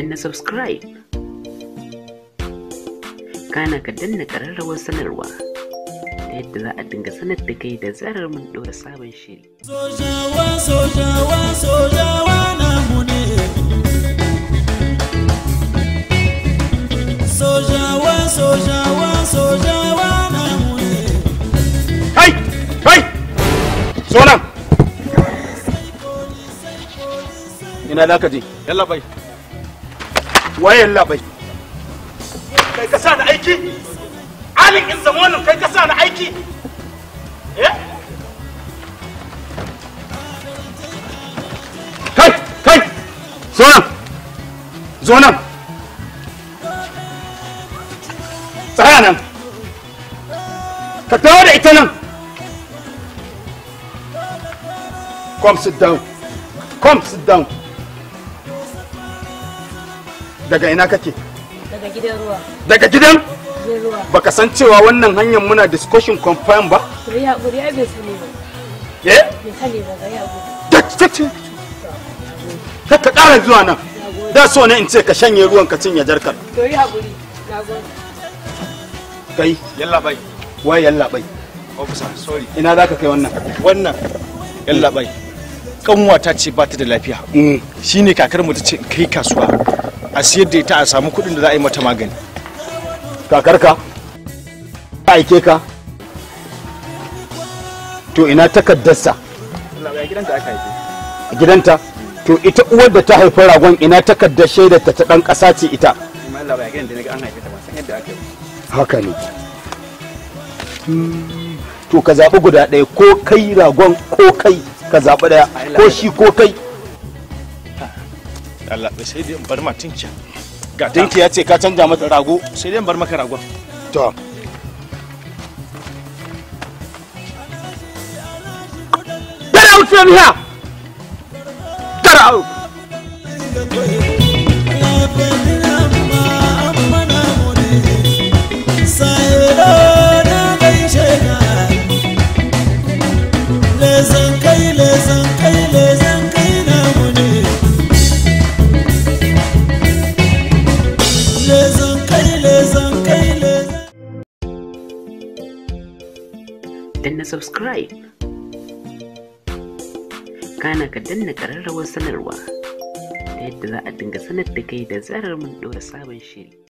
danna subscribe kana ka danna ƙararrawar sanarwa ta yadda za a dinga sanar da kai da zarar mun ɗora sabon shiri sojawa ina da ka ji yalla bai waye labai kai ka sa ni aiki alin in zamanin kai ka sa ni aiki eh kai kai zo nan zo nan tsaya nan ka dawo da ita nan come sit down come sit down daga ina kake daga gidan ruwa daga gidan ruwa. baka san cewa wannan hanyar muna discussion confirm ba eh ka ka ƙara zuwa nan da so ne in ce ka shanye ruwan ka cinye jarkar kai yalla bai wai yalla bai officer sorry ina zaka kai wannan wannan yalla bai kanwata ce ba ta da lafiya mm. shine kakar mu ta ce kai kasuwa a siyar da ita a samu kuɗin da za a yi mata magani kakarka ta aike ka to ina takaddarsa a gidanta to ita uwar da ta haifi ragon ina takaddar shaidar ta ta ɗan ƙasa ce ita haka ne hmm. to ka zaɓi guda ɗaya ko kai ragon ko kai ka zaɓi ɗaya ko shi ko kai Allah sai dai in bar matin tinki ga dinki ya ce ka canja mata rago sai dai in bar maka rago. to Get out from here! lezon kai lezon kai danna subscribe kana ka danna ƙararrawar sanarwa ta yadda za a dinga sanar da kai da zarar mun ɗora sabon shiri